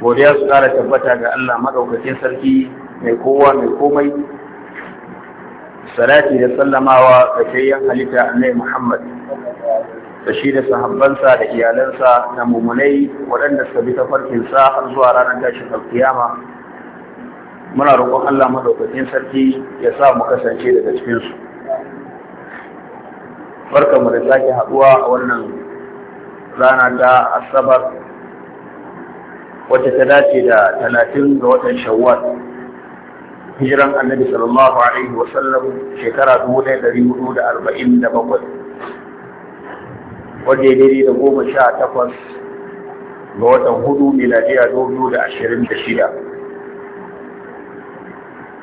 godiya su kara tabbata ga Allah maɗaukakin sarki mai kowa mai komai salati da sallamawa ga shayyan halitta annai Muhammad da shi da sahabbansa da iyalansa da mummunai waɗanda suka bi tafarkinsa har zuwa ranar tashin alkiyama muna roƙon Allah maɗaukakin sarki ya sa mu kasance daga cikinsu barkanmu da sake haɗuwa a wannan rana ta asabar wacce ta dace da talatin ga watan shawwal hijiran annabi sallallahu alaihi wasallam shekara dubu ɗaya ɗari hudu da arba'in da bakwai wadda ya da goma sha takwas ga watan hudu miladiya dubu da ashirin da shida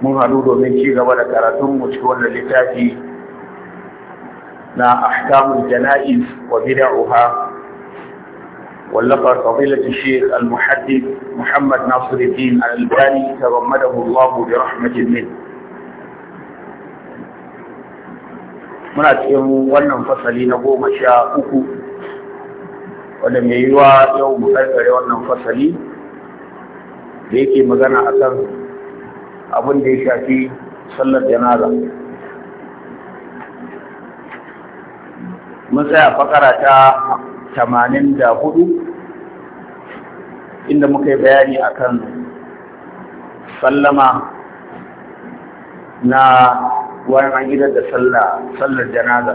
mun haɗu domin ci gaba da mu cikin wannan littafi na ahkamul jana'iz wa bid'uha واللقب فضيلة الشيخ المحدث محمد ناصر الدين الألباني تغمده الله برحمة منه muna cikin wannan fasali na goma sha uku wanda mai yiwa yau mu karkare wannan fasali da yake magana a kan abin da ya shafi sallar janaza mun tsaya fakara ta tamanin da hudu inda muka yi bayani akan sallama na wani gidan da sallar janaza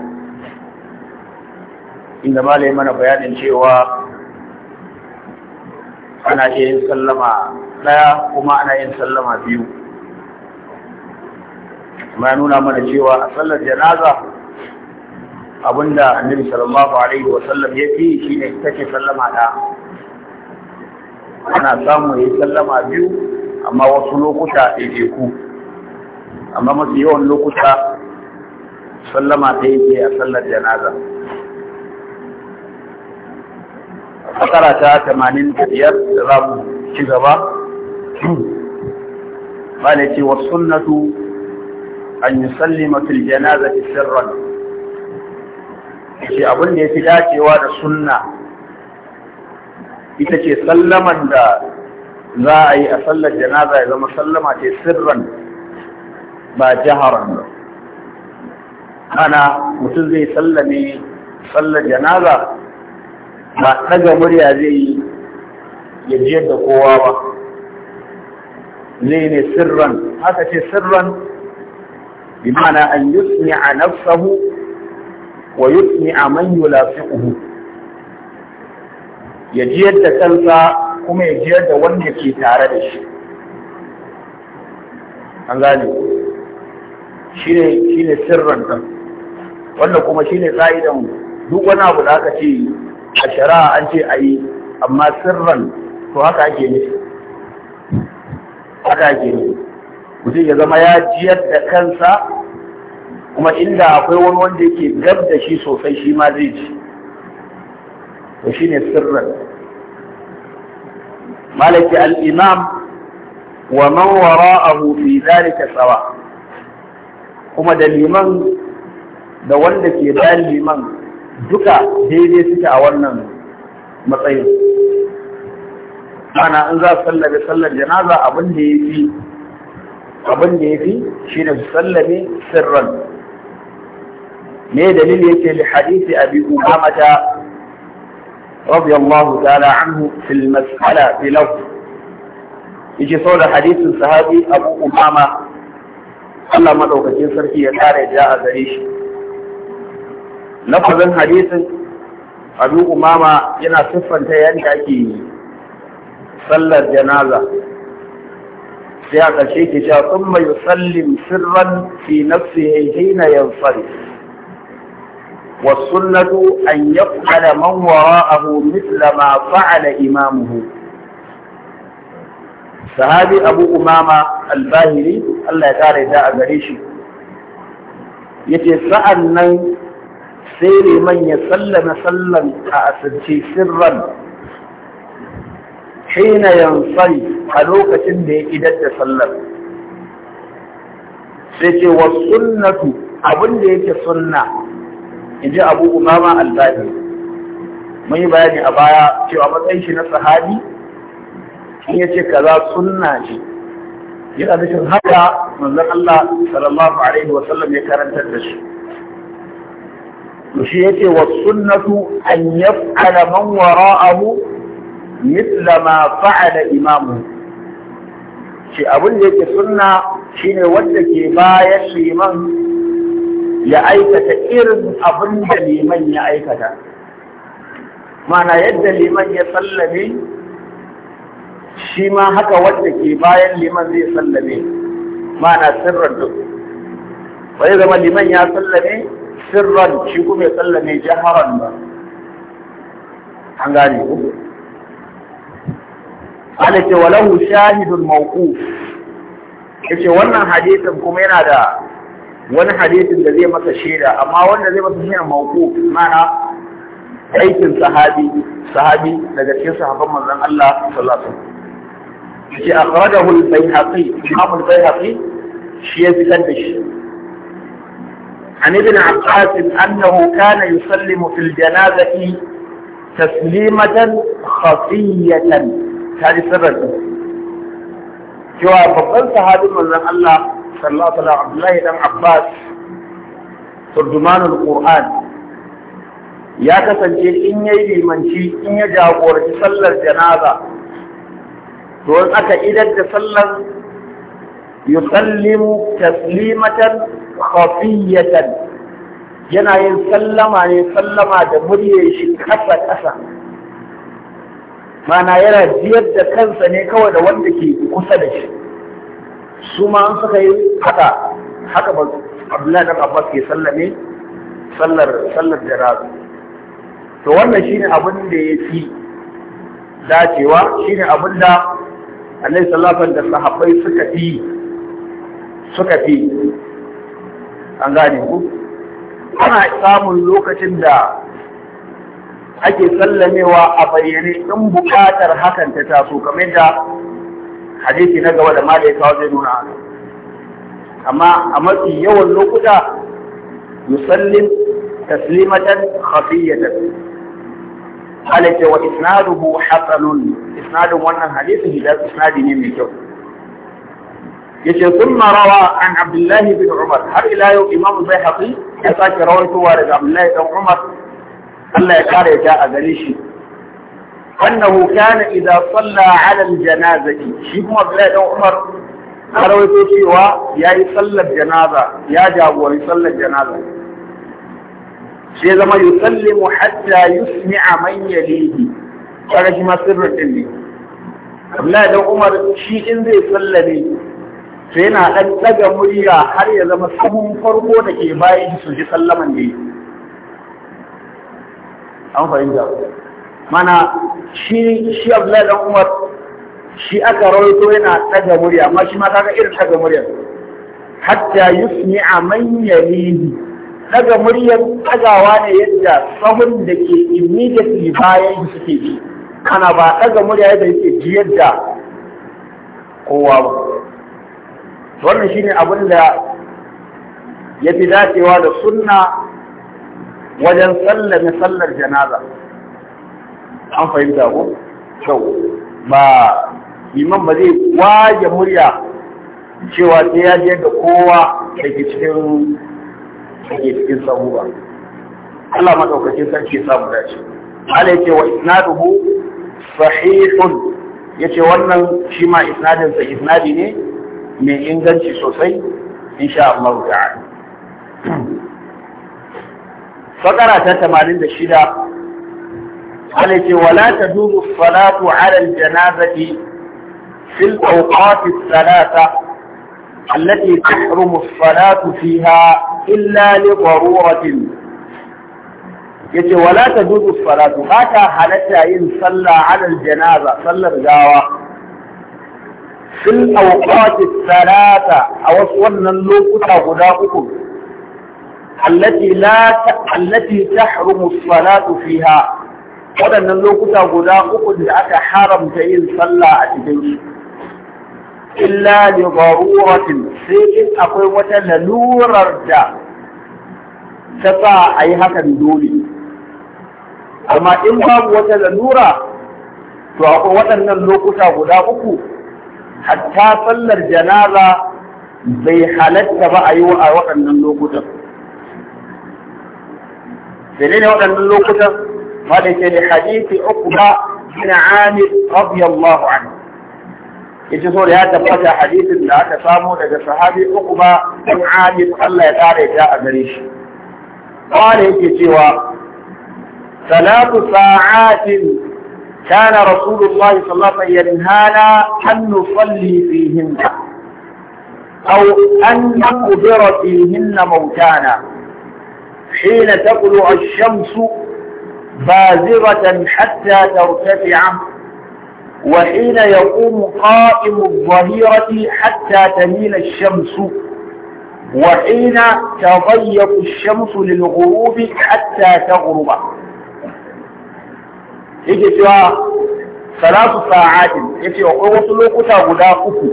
inda malai mana bayanin cewa ana iya yin sallama ɗaya kuma ana yin sallama biyu ma nuna mana cewa a sallar janaza abinda annabi sallallahu alaihi wasallam ya fi shine take sallama ɗaya ana samun ya yi sallama biyu amma wasu lokuta ɗaiɗaiku amma mafi yawan lokuta sallama ta yake a sallar janaza fakara ta tamanin da biyar da za mu ci gaba ba da ce wasu sunnatu an yi sallima fil janaza sirran ce abin da ya fi dacewa da sunna ita ce sallaman da za a yi a sallar janaza ya zama sallama ce sirran ba jaharan ba ana mutum zai sallame sallar janaza ba ɗaga murya zai yi ya jiyar da kowa ba zai ne sirran haka ce sirran bi ma'ana an yusni a nafsahu wa yusni a man yulafiquhu ya jiyar da kansa kuma ya jiyar da wanda ke tare da shi an gane shi ne sirran kan wannan kuma shi ne ƙa'idan duk wani abu da aka ce a shari'a an ce a yi amma sirran to haka ake nufi haka ake nufi mutum ya zama ya jiyar da kansa kuma inda akwai wani wanda yake gab da shi sosai shi ma zai ci da shi ne sirrin malaki al'imam wa man wara'ahu fi zalika tsawa. kuma da liman da wanda ke bayan liman duka daidai suke a wannan matsayin ana in za su sallame sallar janaza abin da ya fi abin da ya fi shi ne su sallame sirran me dalili yake li hadisi abi umamata رضي الله تعالى عنه في المسألة بلفظ يجي صور حديث صحابي أبو أمامة الله ما دوك جنسر كي يتارى جاء ذريش لفظ حديث أبو أمامة ينا صفا تيان كاكي صلى الجنازة سياق الشيخ ثم يسلم سرا في نفسه حين ينصرف والسنة أن يفعل من وراءه مثل ما فعل إمامه sahabi abu umama albahiri Allah ya kare da a gare shi yace sa'an nan sai liman ya sallama sallan a asirce sirran hina yansari a lokacin da ya idar da sallar sai ce abin da yake sunna in ji abu umama al-zahiri mun yi bayani a baya cewa matsayin shi na sahabi in ya ce kaza sunna ce yana nufin haka manzon Allah sallallahu alaihi wa sallam ya karanta da shi to shi yace wa sunnatu an yaf'ala man wara'ahu mithla ma fa'ala imamu shi abin da yake sunna shine wanda ke bayan liman ya aikata irin abin da liman ya aikata mana yadda liman ya sallame shi ma haka wanda ke bayan liman zai sallame mana sirran duk wai zama liman ya sallame sirran shi kuma ya sallame jaharan ba an gane ku ala walahu shahidun ya ce wannan hadisin kuma yana da wani hadisin da zai masa shaida amma wanda zai masa shaida mawquf mana aikin sahabi sahabi daga cikin sahabban manzon Allah sallallahu alaihi wasallam shi akhrajahu al-Baihaqi Imam al-Baihaqi shi ya fitar da shi عن ابن عباس أنه كان يسلم في الجنازة تسليمة خفية هذه السبب cewa babban sahabin manzon Allah sallallahu alaihi Abdullahi dan Abbas turjumanul Qur'an ya kasance in yayi limanci in ya jagoranci sallar janaza to aka idar da sallar yusallimu taslimatan khafiyatan yana yin sallama ne sallama da muryar shi kasa kasa mana yana jiyar da kansa ne kawai da wanda ke kusa da shi su ma an suka yi haka haka ba Abdullahi dan Abbas ke sallame sallar sallar janaza to wannan shine abin da ya fi dacewa shine abin da Annabi sallallahu alaihi wasallam da sahabbai suka fi suka fi an gane ku ana samun lokacin da ake sallamewa a bayyane in buƙatar hakan ta taso kamar da hadisi na gaba da ma da ya kawo zai nuna haka amma a mafi yawan lokuta Musallin, taslimatan khafiyatan halace wa isnaduhu hasanun isnadun wannan hadisin hidan isnadi ne mai kyau yace thumma rawa an Abdullahi bin umar har ila yau imam bayhaqi ya sake rawaitowa daga Abdullahi bin umar Allah ya kare ta a gare shi annahu kana idza salla ala aljanazati shi kuma Abdullahi dan Umar a rawaito cewa yayi sallar janaza ya jagori sallar janaza sai zama yusallimu hatta yusmi'a man yalihi kaga shi ma sirrin din ne Abdullahi dan Umar shi in zai sallame sai yana dan daga murya har ya zama sahun farko da ke bayan ji sallaman an fahimta mana shi shi Abdullahi dan Umar shi aka rawaito yana ɗaga murya amma shi ma kaga irin daga muryar hatta yusmi'a man yalihi daga muryar tagawa ne yadda sahun da ke immediately bayan suke ji Kana ba daga murya yadda yake ji yadda kowa ba wannan shine abin da ya fi dacewa da sunna wajen sallar sallar janaza an fahimta ko kyau ba imam ba zai waje murya cewa sai ya je da kowa da ke cikin da ke cikin sahu ba Allah madaukakin sarki ya samu dace Allah yake wa isnaduhu sahihun yace wannan shi ma isnadin sa isnadi ne mai inganci sosai insha Allah ta'ala fakara ta 86 عليه ولا تدور الصلاة على الجنازة في الأوقات الثلاثة التي تحرم الصلاة فيها إلا لضرورة يجي ولا تدود الصلاة هكا حالتا إن صلى على الجنازة صلى الجاوة في الأوقات الثلاثة أوصونا اللوكة غداؤكم التي, لا ت... التي تحرم الصلاة فيها waɗannan lokuta guda uku da aka haramta yin sallah a cikin shi illa li daruratin sai in akwai wata lalurar da ta sa a yi hakan dole amma in babu wata lalura to akwai waɗannan lokuta guda uku hatta sallar janaza bai halatta ba a yi a waɗannan lokutan. Sai ne waɗannan lokutan ملك لحديث عقبة بن عامر رضي الله عنه يجسور هذا بقى حديث لا تفهموا لدى صحابي عقبة بن عامر الله يتعالى جاء بريش قال يجسوا ثلاث ساعات كان رسول الله صلى الله عليه وسلم ينهانا أن نصلي فيهن أو أن نقبر فيهن موتانا حين تقلع الشمس بازغة حتى ترتفع وحين يقوم قائم الظهيرة حتى تميل الشمس وحين تضيق الشمس للغروب حتى تغرب يجي سواء ثلاث ساعات يجي وقوة لوقتا غدا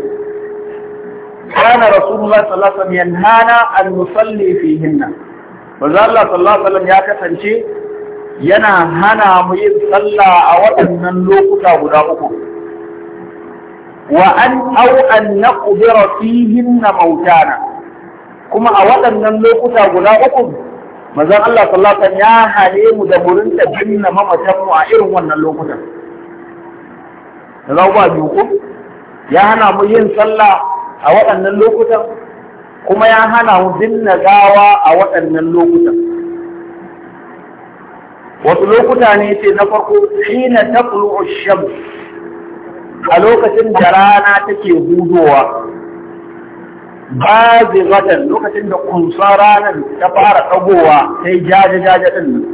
كان رسول الله صلى الله عليه وسلم ينهانا أن نصلي فيهن وزال الله صلى الله عليه وسلم يا كثير yana hana mu yin sallah a waɗannan lokuta guda uku wa an au an naqdira fihin na mautana kuma a waɗannan lokuta guda uku mazan Allah sallallahu ya hane mu da burin da binne mamatan mu a irin wannan lokutan da ba biyu ku ya hana mu yin sallah a waɗannan lokutan kuma ya hana mu binne gawa a waɗannan lokutan wasu lokuta ne ce na farko hina taqlu ash-shams a lokacin da rana take hudowa watan lokacin da kunsa ranar ta fara tsagowa sai jaje jaje din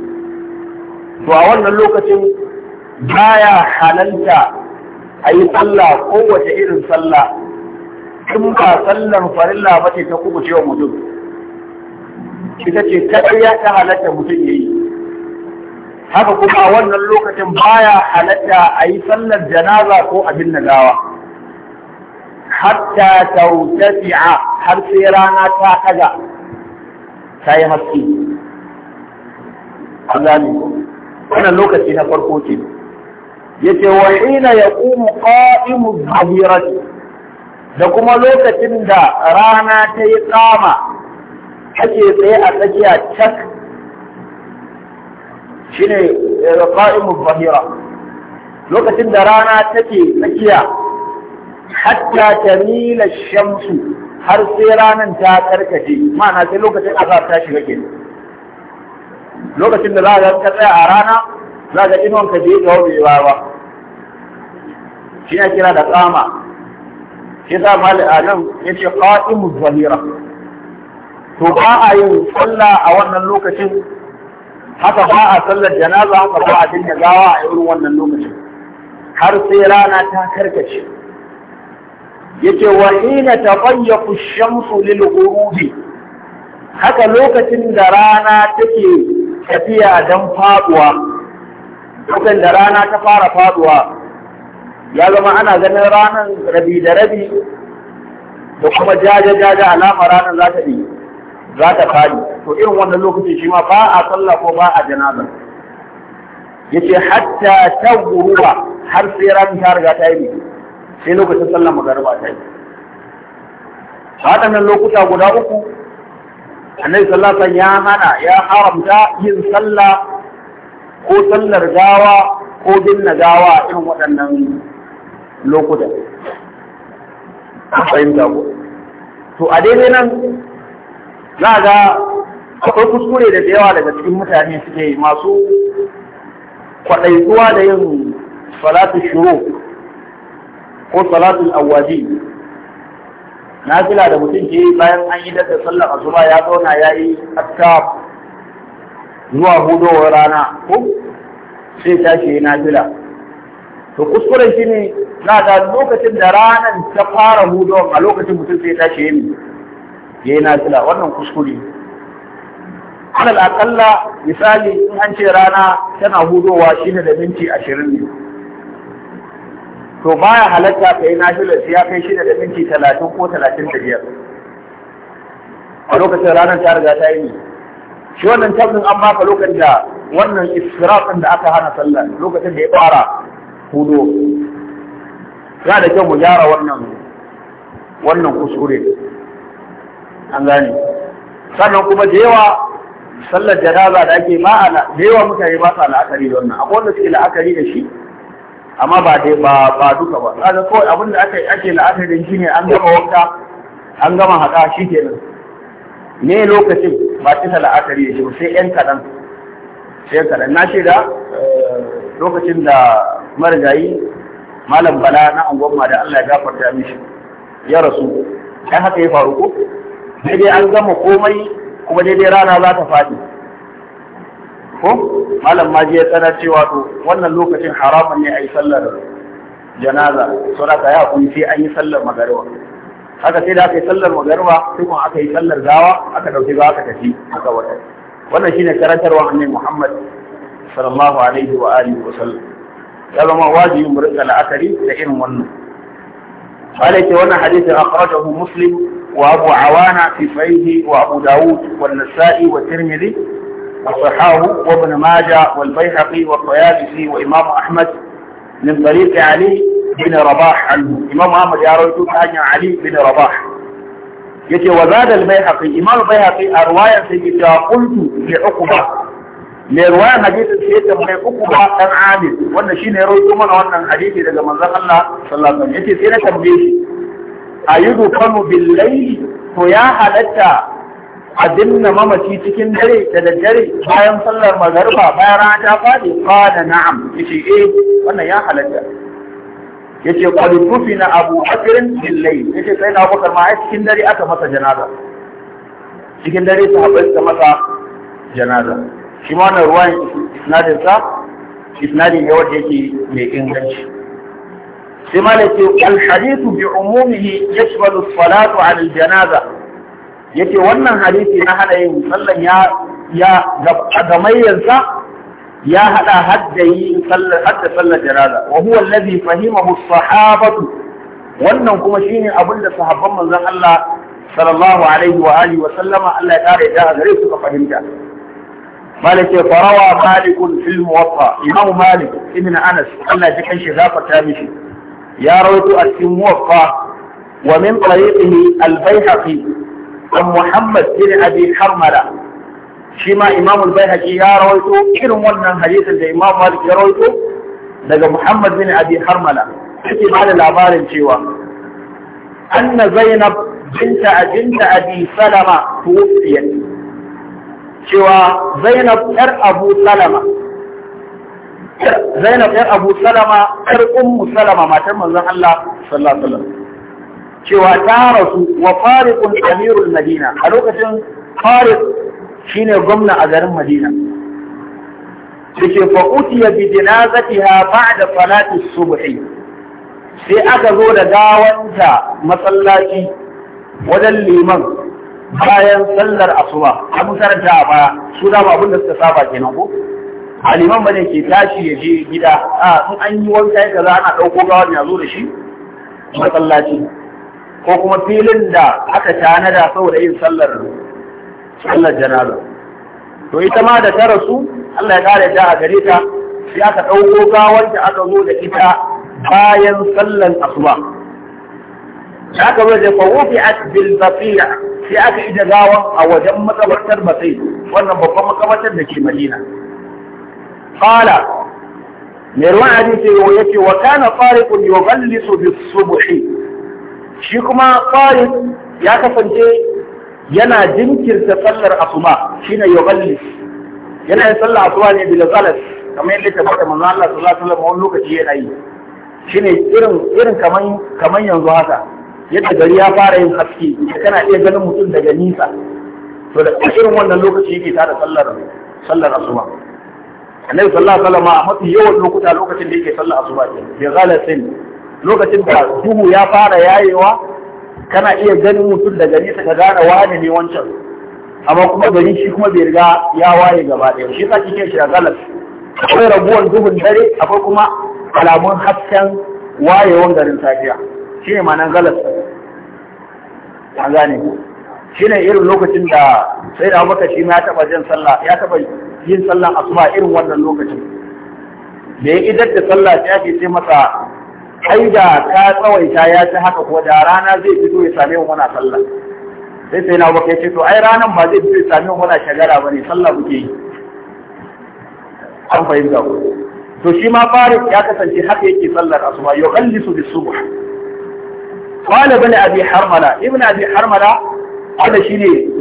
to a wannan lokacin baya halalta ayi sallah kowace irin sallah in ba sallar farilla ba ce ta kubucewa wa mutum ita ce ta ɗaya ta halatta mutum ya yi haka kuma wannan lokacin baya halatta a yi sallar janaza ko abin na gawa hatta tawtafi'a har sai rana ta kaga ta yi haske azami wannan lokaci na farko ce yace wa ina yaqumu qa'imu dhahirati da kuma lokacin da rana ta yi kama ake tsaye a tsakiya cak ne qa'imu zahira lokacin da rana take tsakiya hatta tamila shamsu har sai ranar ta karkace ma'ana sai lokacin azab ta shiga ke lokacin da za ka tsaya a rana za ka inuwan ka je ga wani ba shi ne kira da tsama shi mu hali a nan ya ce qa'imu zahira to ba a yin sallah a wannan lokacin haka ba a sallar janaza haka ba a dinga gawa a irin wannan lokacin har sai rana ta karkace yake wa ta ku shamsu lil ghurubi haka lokacin da rana take tafiya dan faduwa lokacin da rana ta fara faduwa ya zama ana ganin ranar rabi da rabi da kuma jaja jaja alama ranar za ta ɗi za ta fadi to irin wannan lokacin shi ma ba a sallah ko ba a janaza yace hatta tawruwa har sai ran ta riga ta yi sai lokacin sallar magariba ta yi waɗannan lokuta guda uku annabi sallallahu alaihi ya hana ya haramta yin sallah ko sallar gawa ko binne gawa irin waɗannan lokuta fahimta ko to a daidai nan za ga akwai kuskure da yawa daga cikin mutane suke masu kwaɗaituwa da yin salatu shuru ko salatu awwaji na fila da mutum ke bayan an yi daga sallar asuba ya zauna ya yi hatta zuwa hudowar rana ko sai tashi na fila to kuskure shi ne na da lokacin da ranar ta fara hudowar a lokacin mutum sai tashi yi ya yi nafila wannan kuskure alal akalla misali in an ce rana tana hudowa shine da minti ashirin ne to baya halatta ka yi nafila sai ya kai shida da minti talatin ko talatin da biyar a lokacin ranar ta riga ta yi ne shi wannan tabbin an baka lokacin da wannan israfin da aka hana sallah lokacin da ya fara hudo ya da kyau mu gyara wannan wannan kuskure an gane sannan kuma da yawa sallar janaza da ake ma'ana da yawa mutane ba sa la'akari da wannan akwai wanda suke la'akari da shi amma ba dai ba ba duka ba kaga kawai abin da aka ake la'akari da shi ne an gama wanka an gama haka shi kenan ne lokacin ba kisa la'akari da shi sai yan kaɗan sai yan kaɗan na shaida eh, lokacin da marigayi malam bala na angon ma da Allah ya gafarta mishi ya rasu dan haka ya faru ko daidai an gama komai kuma daidai rana za ta faɗi ko malam ma ya tsana cewa to wannan lokacin haramun ne a yi sallar janaza so da ya kun an yi sallar magariba haka sai da aka yi sallar magariba sai kuma aka yi sallar gawa aka dauki ba aka tafi aka wata wannan shine karantarwa annabi Muhammad sallallahu alaihi wa alihi wa sallam ya zama wajibi mu rika la'akari da irin wannan malaka wannan hadisin akhrajahu muslim وأبو عوانة في صحيحه وأبو داود والنسائي والترمذي وصححه وابن ماجه والبيهقي والطيالسي وإمام أحمد من طريق علي بن رباح عنه إمام أحمد يروي عن علي بن رباح يتي وزاد البيهقي إمام البيهقي أرواية سيدي قلت لعقبة mai ruwayan حديث سيدة ya tambaye كان ba dan adil يروي shine ya rawaito mana wannan hadisi daga manzon Allah sallallahu alaihi wasallam yace sai a yi dukanu billai, to ya halatta a dinna mamaci cikin dare da daddare bayan sallar magarba bayan rana ta faɗi qala na'am yace eh wannan ya halatta yace qad tufina abu bakr billahi yace sai na bakar ma cikin dare aka masa janaza cikin dare sahabbai suka masa janaza shi ma wannan ruwayan isnadin sa isnadin ne wanda yake mai inganci sai ma da ke alhadithu bi umumihi yashmalu salatu ala aljanaza yace wannan hadisi na hada yin sallan ya ya gamayyansa ya hada hadda sallar hadda sallar janaza wa huwa alladhi fahimahu as wannan kuma shine abin da sahabban manzon Allah sallallahu alaihi wa wa sallama Allah ya su ka fahimta مالك فروى مالك في الموطأ إمام مالك ابن أنس الله يجزيه خير ذاك ya rawaito a cikin muwaffa wa min tariqihi al-baihaqi an muhammad bin abi harmala shi ma imam al-baihaqi ya rawaito irin wannan hadisin da imam malik ya rawaito daga muhammad bin abi harmala yake ba da labarin cewa anna zainab binta abinta abi salama tuwfiyat cewa zainab yar abu salama Zainab ‘yar Abu Salama, ‘yar Ummu Salama matar manzon Allah sallallahu Alaihi Cewa ta rasu wa Farikun Amirul Madina a lokacin Farik shine gwamna a garin Madina. Cikin ya bi jinazatiha ba'da salati subhi sai aka zo da gawanta masallaci wajen liman bayan sallar asuba a musaranta a baya su dama abin da suka saba kenan ko aliman bane ke tashi ya je gida a in an yi wanka ya kaza ana ɗauko gawa ya zo da shi masallaci ko kuma filin da aka tanada saboda yin sallar sallar janaza to ita ma da ta rasu Allah ya kare ta a gare ta sai aka ɗauko gawar da aka zo da ita bayan sallar asuba da aka zo da fawufi bil baqiya sai aka ida gawan a wajen makabartar basai wannan babban makabartar da ke Madina qala mai ruwan hadisi ya ce wa kana tariqun yughallisu bis subhi shi kuma tariq ya kasance yana jinkirta sallar asuma shi ne shine balli. yana yin sallar asuma ne bil ghalas kamar yadda ta bada manzo Allah sallallahu alaihi wasallam wani lokaci yana yi shine irin irin kaman kaman yanzu haka yadda gari ya fara yin haske kana iya ganin mutum daga nisa to da irin wannan lokaci yake tada sallar sallar asuma annabi sallallahu alaihi wasallam a mafi yawan lokuta lokacin da yake sallah asuba ke ya galatin lokacin da duhu ya fara yayewa kana iya ganin mutum daga nesa ka gane wani ne wancan amma kuma gari shi kuma bai riga ya waye gaba ɗaya shi yasa kike shi ya galat akwai rabuwan duhun dare akwai kuma alamun hasken wayewan garin safiya shi ne ma'anar galas an gane shi ne irin lokacin da sai da abubakar shi ma ya taɓa jin sallah ya taɓa yin sallan asuba irin wannan lokacin Me ya idar da sallah ta ce sai masa ai da ka tsawaita ya ci haka ko da rana zai fito ya same mu muna sallah sai sai na baka ce to ai ranan ba zai fito ya same mu muna shagara bane sallah muke yi an fahimta ku to shi ma Farid ya kasance haka yake sallar asuba yuqallisu bis subh qala bani abi harmala ibn abi harmala wanda shine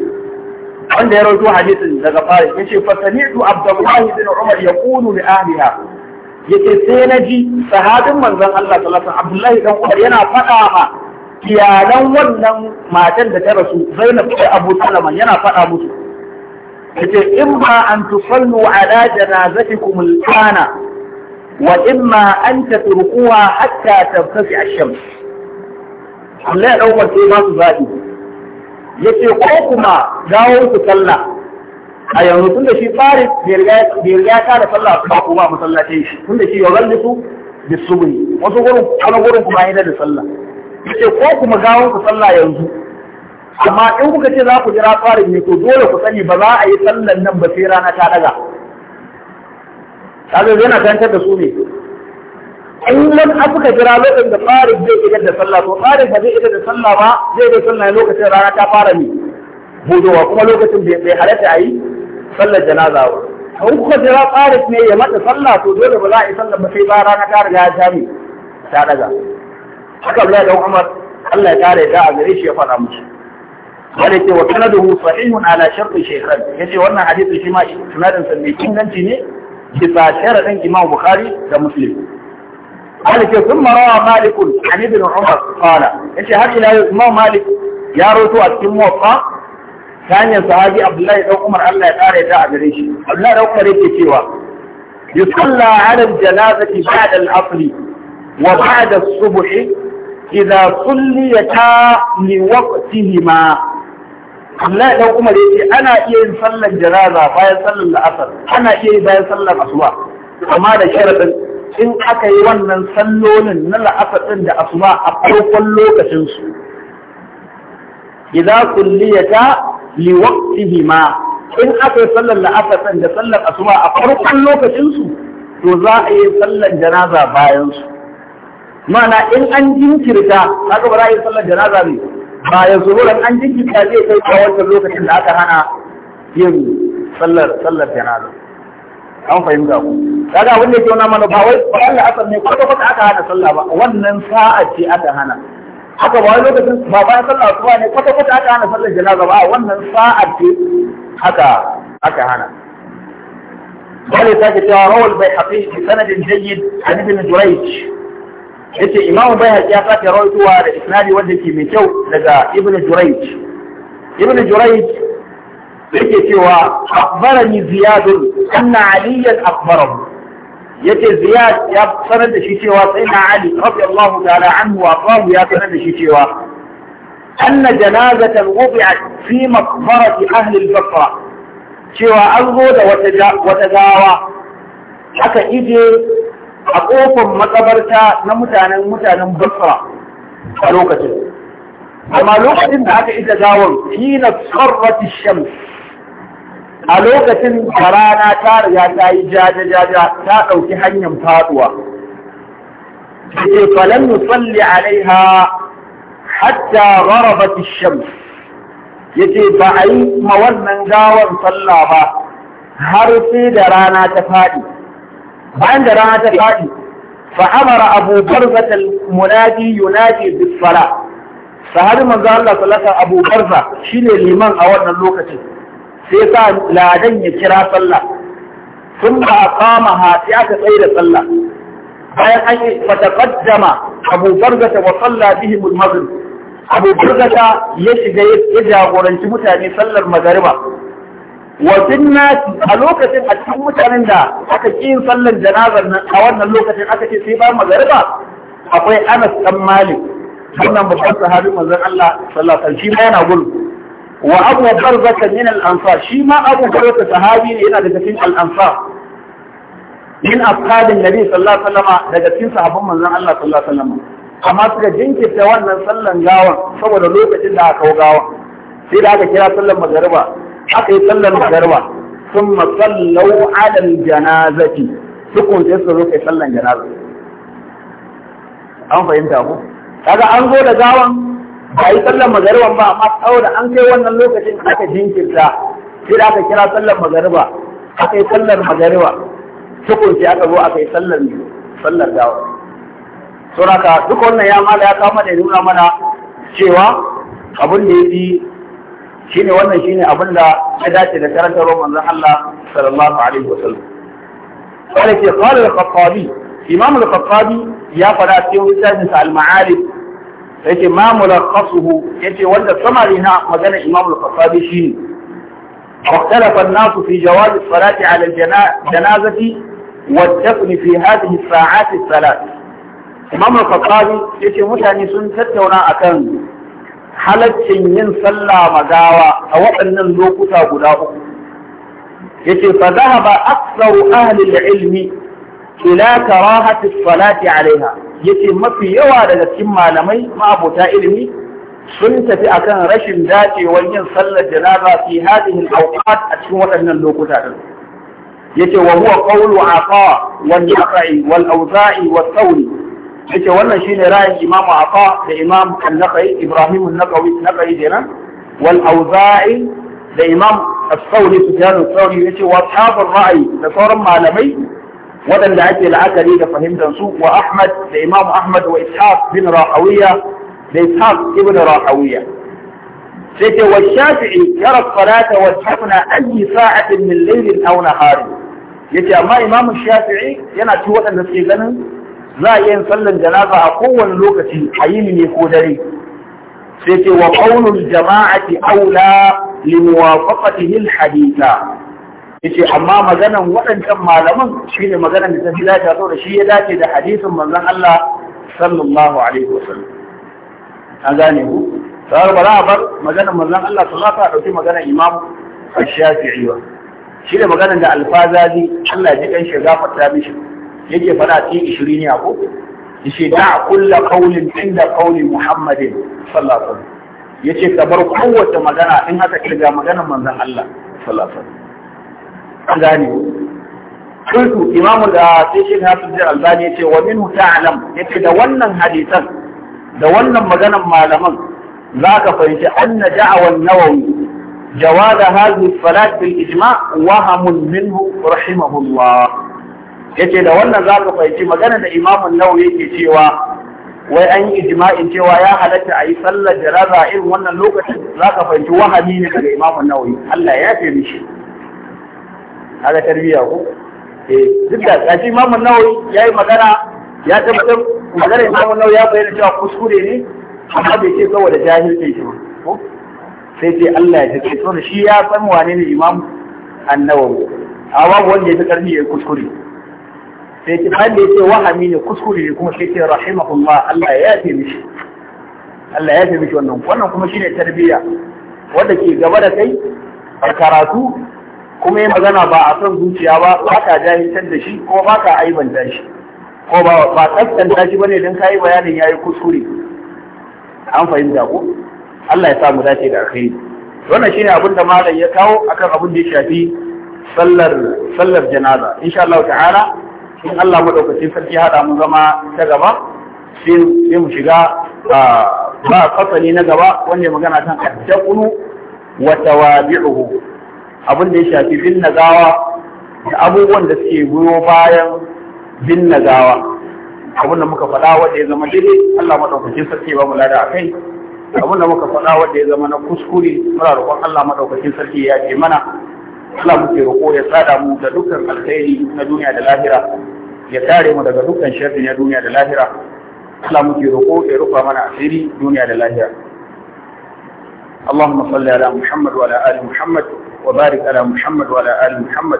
wanda ya rawaito hadisin daga Faris yace fa sami'tu Abdullah ibn Umar yaqulu li ahliha yace sai na ji sahabin manzon Allah sallallahu alaihi Abdullah dan Umar yana faɗa ma iyalan wannan matan da ta rasu Zainab da Abu Salama yana faɗa musu yace in ba an tusallu ala janazatikum al-ana wa imma an tatrukuha hatta tabtasi ash-shams Allah ya dauka sai ba su zabi ya ce ko kuma dawo ku sallah a yanzu tun da shi fari bai riga ya kada sallah ba kuma masallaci shi tun da shi ya zalli su da subuni wasu gurin wani gurin kuma yana da sallah ya ce ko kuma dawo ku sallah yanzu amma in kuka ce za ku jira farin ne to dole ku sani ba za a yi sallan nan ba sai rana ta daga kaga yana kantar da su ne in nan aka jira lokacin da farin zai idar da sallah to farin ba zai idar da sallah ba zai da sallah lokacin rana ta fara ne budowa kuma lokacin bai halatta a yi sallar janaza ba A kuka jira farin ne ya mata sallah to dole ba za a yi sallah ba sai ba rana ta riga ya sami ta daga haka Abdullahi da Umar Allah ya kare da a gare shi ya faɗa musu Wani ke wa sanaduhu sahihun ala shartu Ya yace wannan hadisi shi ma sanadin sa mai inganci ne bisa sharadin Imam Bukhari da Muslim قال كي ثم روى مالك عن ابن عمر قال إيش هل إلى ما مالك يا روتو أتكم موقع كان يصحابي عبد الله بن عمر الله يتعالى يدعى بريش عبد الله بن عمر يكي سوى يصلى على الجنازة بعد العصر وبعد الصبح إذا صليتا لوقتهما Allah dan Umar ya ce ana iya yin sallar janaza bayan sallar la'asar ana iya yi bayan sallar asuba amma da sharadin in aka yi wannan sallolin na la'asar da asuma a farkon lokacinsu idza kulliyata hima. in aka yi sallar la'asar da sallar asuma a farkon lokacinsu to za a yi sallar janaza bayansu mana in an jinkirta haka ba za a yi sallar janaza ne bayan da an jinkirta zai kai a wancan lokacin da aka hana yin sallar sallar janaza an fahimta ku kaga abin da ke nuna mana ba wai ba Allah asar ne ko kuma aka hana sallah ba wannan sa'a ce aka hana haka ba wai lokacin ba bayan sallah asuba ne kwata kwata aka hana sallar janaza ba wannan sa'a ce haka aka hana bale ta ce cewa rawal bai haƙi bi sanadin jayyid an ibn jurayj yace imamu bai haƙi ya sake rawaitowa da isnadi wanda ke mai kyau daga ibn jurayj ibn jurayj yake cewa akhbarani ziyadun أن عليا أخبره يجي زياد يا سند شيشيوا سيدنا علي رضي الله تعالى عنه وأطراه يا سند شيشيوا أن جنازة وضعت في مقبرة أهل البصرة شوى أرغد وتداوى حتى إجي أقوف مقبرتا نمتانا نمتانا بصرة فلوكة وما لوكة إذا تزاوى حين تصرت الشمس a lokacin da rana ta riga ta yi jaja-jaja ta ɗauki hanyar faɗuwa. Ke musalli alaiha hatta gharabat shams yace ba a yi ma wannan gawar sallah ba har sai da rana ta faɗi. Bayan da rana ta faɗi, فأمر أبو برزة المنادي ينادي بالصلاة فهذا من قال الله صلى الله sai sa ladan ya kira sallah sun ba kama ha sai aka tsaye da sallah bayan an yi fataqaddama Abu Barzata wa Sallah bihim al-maghrib Abu ya shiga ya jagoranci mutane sallar magariba wa nasi a lokacin a cikin mutanen da aka ƙi yin sallar janazar nan a wannan lokacin aka ce sai bayan magariba akwai Anas dan Malik wannan babban sahabi manzon Allah sallallahu alaihi wasallam shi ma yana gudu wa abu barzata min al-ansar shi ma abu barzata sahabi ne yana daga cikin al-ansar min ashabin nabi sallallahu alaihi wasallam daga cikin sahabban manzon Allah sallallahu alaihi wasallam amma suka jinkirta wannan sallan gawan saboda lokacin da aka kawo sai da aka kira sallan magariba aka yi sallan magariba thumma sallu ala al-janazati sukun sai su zo kai sallan janaza an fahimta ku. kaga an zo da gawan ba yi sallar magariban ba amma saboda an kai wannan lokacin aka jinkirta sai da aka kira sallar magariba aka yi sallar magariba tukun sai aka zo aka yi sallar sallar dawo ka, duk wannan ya mala ya kama da nuna mana cewa abin da ya fi shine wannan shine abin da ya dace da roman zan Allah sallallahu alaihi wasallam wanda ke qala al-khattabi imam al-khattabi ya fara cikin littafin al-ma'arif yace ma mulaqasuhu yace wanda samari na magana Imam al-Qassabi shine واختلف الناس في جواز الصلاة على الجنازة والدفن في هذه الساعات الثلاث Imam al-Qassabi yace mutane sun tattauna a kan halaccin yin sallah magawa a waɗannan lokuta guda uku yace fa dhahaba aktsaru ahli al-ilmi ila karahati as-salati 'alayha yace mafi yawa daga cikin malamai ma'abota ilimi sun tafi akan rashin dacewar yin sallar janaza fi hadhihi al-awqat a cikin waɗannan lokuta din yace wa huwa qawlu afa wal yaqi wal awza'i was thawri yace wannan shine ra'ayin imam afa da imam an-naqi ibrahim an-naqi naqi kenan wal awza'i da imam as-thawri sufyan as-thawri yace wa ashabul ra'ayi da sauran malamai waɗanda ake la'akari da fahimtar su wa Ahmad da Imam Ahmad wa Ishaq bin Rahawiya da Ishaq ibn Rahawiya sai ce wa Shafi'i yara salata wa tafna ayi sa'atin min laylin aw nahari yace amma Imam Shafi'i yana ci waɗanda suke ganin za a yin sallan janaza a kowane lokaci a yini ne ko dare sai ce wa qaulul jama'ati aula li muwafaqatihi al yace amma maganan waɗancan malaman shine maganan da ta fi dace saboda shi ya dace da hadisin manzon Allah sallallahu alaihi wasallam an gane ku sai ba za a bar maganan manzon Allah sallallahu alaihi wasallam maganan Imam Shafi'i ba shi da maganan da alfazazi Allah ji kan shiga fata mishi yake fara ci 20 ne a ko yace da kullu qawlin inda qawli Muhammadin sallallahu alaihi wasallam yace ka bar kowace magana in haka kirga maganan manzon Allah sallallahu alaihi wasallam an gane kuntu imamu da sai shi hafiz da albani yace wa minhu ta'lam yace da wannan hadisan da wannan maganan malaman za ka fahimci anna da'awan nawawi جواز هذه الصلاة بالإجماع وهم منه رحمه Ya yace da wannan za ka fahimci magana da imamun nawawi yake cewa wai an yi ijma'in cewa ya halatta a yi sallar jaraza irin wannan lokacin za ka fahimci wahami ne daga imamun nawawi Allah ya fi mishi kaga tarbiya ko eh duk da kashi Imam Nawawi yayi magana ya tabbatar magana Imam Nawawi ya bayyana cewa kuskure ne amma bai ce saboda jahilci shi ba ko sai ce Allah ya ce to shi ya san wane ne Imam An-Nawawi amma wanda ya fi karni ya kuskure sai ce ba da ya ce wahami ne kuskure ne kuma sai ce rahimahullah Allah ya yafe mishi Allah ya yafe mishi wannan wannan kuma shine tarbiyya wanda ke gaba da kai a karatu kuma yi magana ba a son zuciya ba ba ka jahiltar da shi ko ba ka aibanta shi ko ba ba kaskanta ba bane don kayi bayanin yayi kuskure an fahimta ko Allah ya sa mu dace da alkhairi wannan shine abin da malam ya kawo akan abin da ya shafi sallar sallar janaza insha Allah ta'ala in Allah madaukakin sarki hada mu zama ta gaba sai mu shiga ba fasali na gaba wanda magana kan addaqunu wa tawabi'uhu abin da ya shafi bin gawa da abubuwan da suke goyo bayan bin gawa abin da muka faɗa wanda ya zama daidai Allah madaukakin sarki ba mu lada a kai abin da muka faɗa wanda ya zama na kuskure muna roƙon Allah madaukakin sarki ya ce mana Allah muke roƙo ya tsada mu da dukkan alkhairi na duniya da lahira ya kare mu daga dukkan sharri na duniya da lahira Allah muke roƙo ya rufa mana asiri duniya da lahira اللهم صل على محمد وعلى آل محمد وبارك على محمد وعلى آل محمد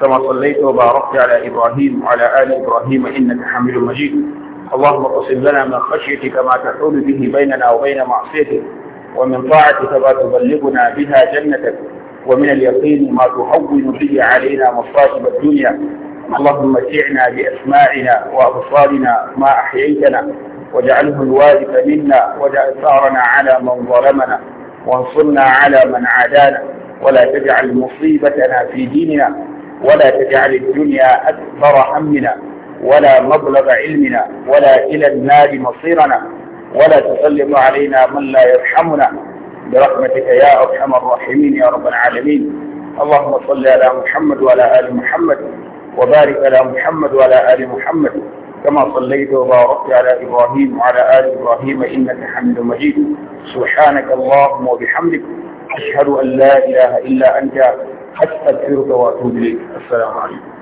كما صليت وباركت على إبراهيم وعلى آل إبراهيم إنك حميد مجيد اللهم اقسم لنا من خشيتك ما تحول به بيننا وبين معصيتك ومن طاعتك ما تبلغنا بها جنتك ومن اليقين ما تهون به علينا مصائب الدنيا اللهم متعنا بأسماعنا وأبصارنا ما أحييتنا واجعله الوارث منا واجعل ثارنا على من ظلمنا وانصرنا على من عادانا ولا تجعل مصيبتنا في ديننا ولا تجعل الدنيا أكبر همنا ولا مبلغ علمنا ولا إلى النار مصيرنا ولا تسلط علينا من لا يرحمنا برحمتك يا أرحم الراحمين يا رب العالمين اللهم صل على محمد وعلى آل محمد وبارك على محمد وعلى آل محمد كما صليت وباركت على إبراهيم وعلى آل إبراهيم إنك حميد مجيد سبحانك اللهم وبحمدك أشهد أن لا إله إلا أنت أستغفرك وأتوب إليك السلام عليكم